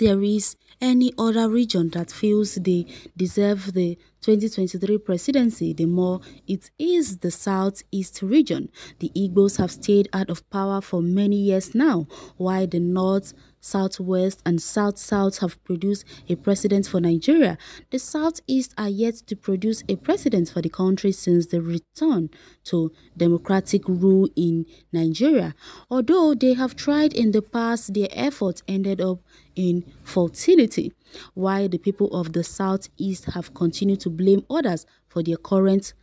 if there is any other region that feels they deserve the 2023 presidency, the more it is the southeast region. The Igbos have stayed out of power for many years now, while the north Southwest and South South have produced a president for Nigeria. The Southeast are yet to produce a president for the country since the return to democratic rule in Nigeria. Although they have tried in the past, their efforts ended up in futility while the people of the southeast have continued to blame others for their current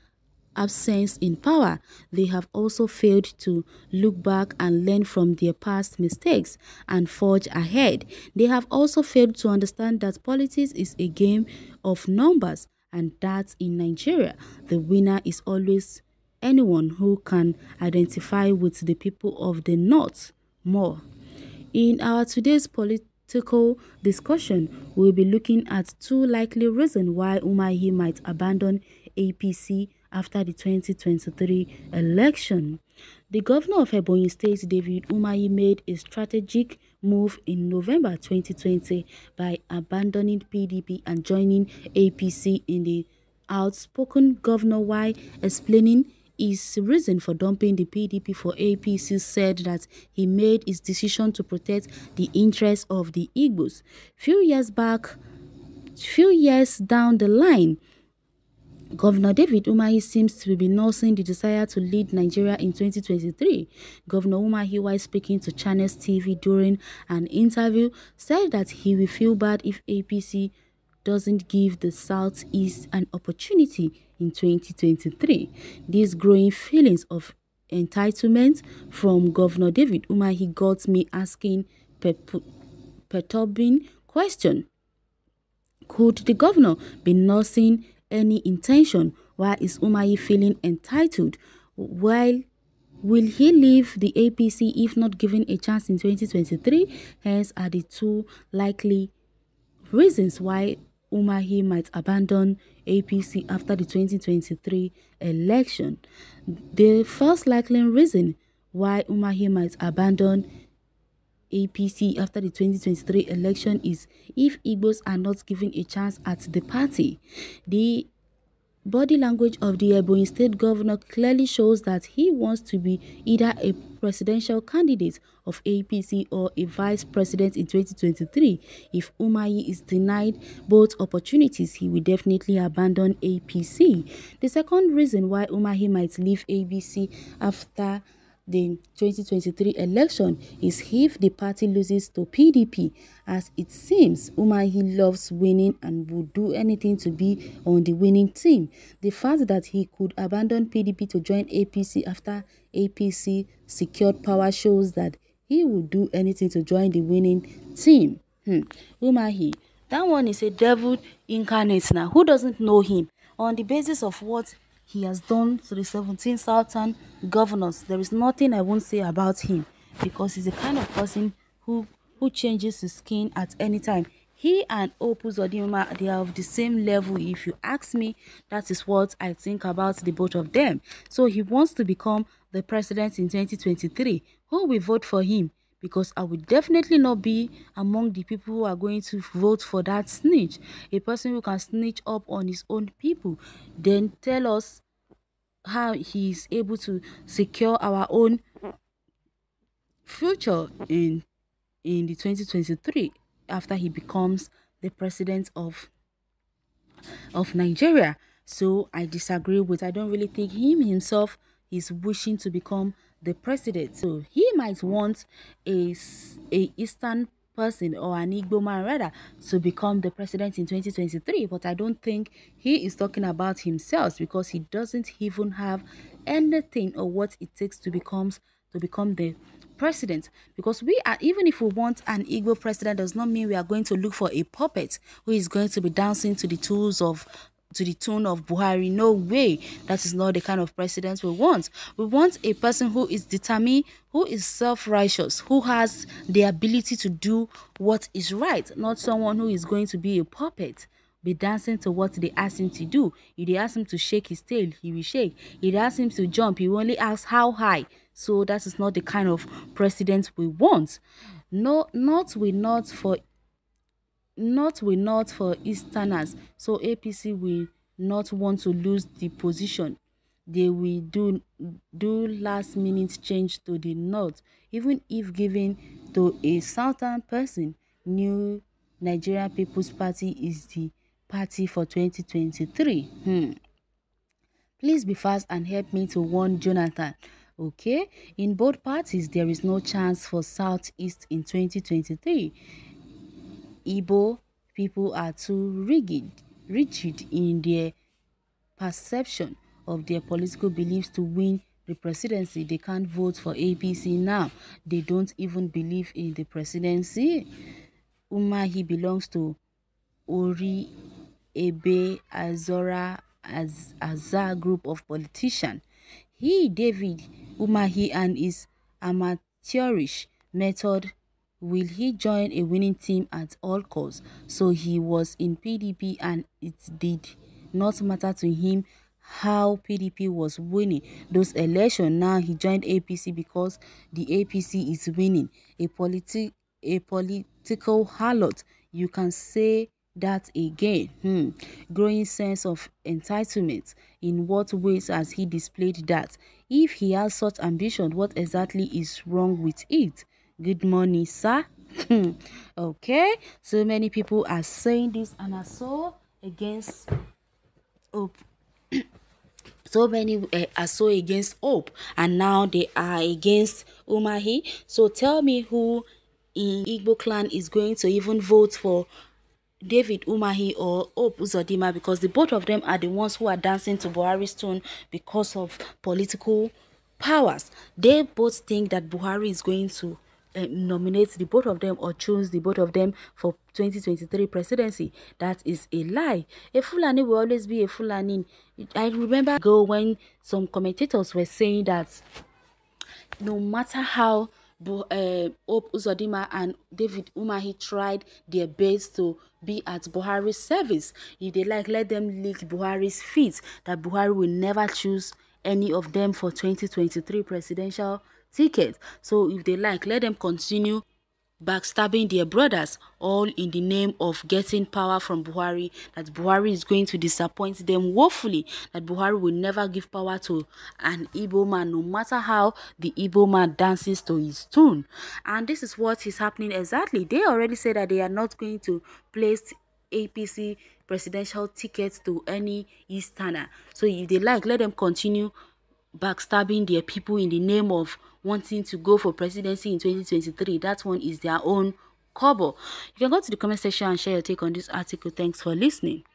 absence in power, they have also failed to look back and learn from their past mistakes and forge ahead. They have also failed to understand that politics is a game of numbers and that in Nigeria, the winner is always anyone who can identify with the people of the North more. In our today's politics, practical discussion, we'll be looking at two likely reasons why Umahi might abandon APC after the 2023 election. The governor of Ebonyi State, David Umahi, made a strategic move in November 2020 by abandoning PDP and joining APC in the outspoken governor while explaining his reason for dumping the PDP for APC said that he made his decision to protect the interests of the Igbos. Few years back, few years down the line, Governor David Umahi seems to be nursing the desire to lead Nigeria in 2023. Governor Umahi, while speaking to Channels TV during an interview, said that he will feel bad if APC doesn't give the Southeast an opportunity in 2023. These growing feelings of entitlement from Governor David Umahi got me asking perturbing question. Could the governor be nursing any intention? Why is Umahi feeling entitled? While Will he leave the APC if not given a chance in 2023? Hence are the two likely reasons why Umahi might abandon APC after the 2023 election. The first likely reason why Umahi might abandon APC after the 2023 election is if Igbos are not given a chance at the party. The Body language of the Ebonyi State Governor clearly shows that he wants to be either a presidential candidate of APC or a vice president in 2023. If Umayi is denied both opportunities, he will definitely abandon APC. The second reason why Umayi might leave ABC after the 2023 election is if the party loses to PDP. As it seems, Umahi loves winning and would do anything to be on the winning team. The fact that he could abandon PDP to join APC after APC secured power shows that he would do anything to join the winning team. Hmm. Umahi, that one is a devil incarnate now. Who doesn't know him? On the basis of what he has done to the 17 Southern governors. There is nothing I won't say about him because he's the kind of person who, who changes his skin at any time. He and Opus Odima, they are of the same level. If you ask me, that is what I think about the both of them. So he wants to become the president in 2023. Who will vote for him? because I would definitely not be among the people who are going to vote for that snitch. A person who can snitch up on his own people, then tell us how he is able to secure our own future in in the 2023 after he becomes the president of of Nigeria. So I disagree with I don't really think him himself is wishing to become the president. So he might want a, a Eastern person or an Igbo man rather to become the president in 2023 but I don't think he is talking about himself because he doesn't even have anything or what it takes to becomes to become the president because we are even if we want an Igbo president does not mean we are going to look for a puppet who is going to be dancing to the tools of to the tone of Buhari. No way. That is not the kind of president we want. We want a person who is determined, who is self-righteous, who has the ability to do what is right, not someone who is going to be a puppet be dancing to what they ask him to do. If they ask him to shake his tail, he will shake. If they ask him to jump, he will only ask how high. So that is not the kind of president we want. No, not we not for North will not for Easterners, so APC will not want to lose the position. They will do, do last-minute change to the North, even if given to a Southern person. New Nigerian People's Party is the party for 2023. Hmm. Please be fast and help me to warn Jonathan. Okay, in both parties, there is no chance for Southeast in 2023. Igbo people are too rigid, rigid in their perception of their political beliefs to win the presidency. They can't vote for APC now. They don't even believe in the presidency. he belongs to Ori Ebe Azora Az Azar group of politicians. He, David Umahi, and his amateurish method will he join a winning team at all costs? So he was in PDP and it did not matter to him how PDP was winning those elections. Now he joined APC because the APC is winning. A politi a political harlot, you can say that again. Hmm. Growing sense of entitlement. In what ways has he displayed that? If he has such ambition, what exactly is wrong with it? Good morning, sir. Hmm. okay, so many people are saying this and are so against hope. so many uh, are so against hope, and now they are against Umahi. So tell me who in Igbo clan is going to even vote for David Umahi or Hope Uzodima because the both of them are the ones who are dancing to Buhari's tune because of political powers. They both think that Buhari is going to Nominate uh, nominates the both of them or choose the both of them for 2023 presidency. That is a lie. A Fulani will always be a Fulani. I remember ago when some commentators were saying that no matter how uh, Hope Uzodima and David Umahi tried their best to be at Buhari's service. If they like, let them lick Buhari's feet, that Buhari will never choose any of them for 2023 presidential ticket. So if they like, let them continue backstabbing their brothers, all in the name of getting power from Buhari, that Buhari is going to disappoint them woefully, that Buhari will never give power to an Igbo man, no matter how the Igbo man dances to his tune. And this is what is happening exactly. They already said that they are not going to place APC presidential tickets to any Easterner. So if they like, let them continue backstabbing their people in the name of wanting to go for presidency in 2023. That one is their own cobble. You can go to the comment section and share your take on this article. Thanks for listening.